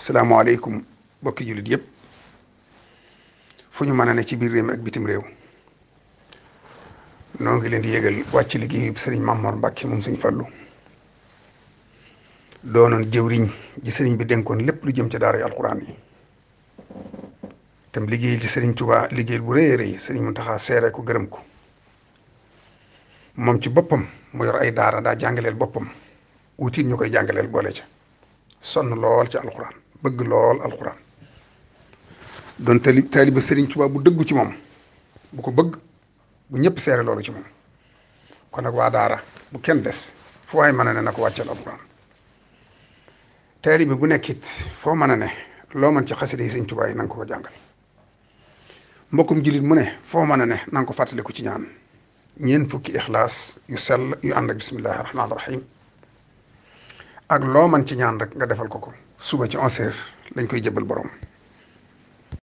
salaamaaleykum bokki jullit yépp fu ñu mën a ne ci biir réew mi ak bitim réew noo ngi leen di yëgal wàcc liggéeyu sëriñ Mamor Mbacke moom sëñ Fallou doonoon jëwriñ ji sëriñ bi denkoon lépp lu jëm ci daara yi alxuraan yi tam liggéeyal ci sëriñ Touba liggéeyal bu rëy a rëy sëriñ Mountakha seere ko gërëm ko moom ci boppam mu yor ay daara daa jàngaleel boppam wutit ñu koy jàngaleel boole ca sonn lool ci alxuraan. bëgg lool alxuraan doon tali taaliba Serigne Touba bu dëggu ci moom bu ko bëgg bu ñëpp seere loolu ci moom ko nag waa daara bu kenn des fu waay mën a ne na ko wàcceel alxuraan taaliba bu nekkit foo mën a ne loo mën ci xasida yi Serigne Touba yi na nga ko ko mbokkum jullit mu ne foo mën a ne na nga ko fàttaliku ci ñaan ñeent fukki ixlaas yu sell yu ànd ak bismillahi rahmaani ak loo man ci ñaan rek nga defal ko ko suba ci onze heures lañ koy jëbal borom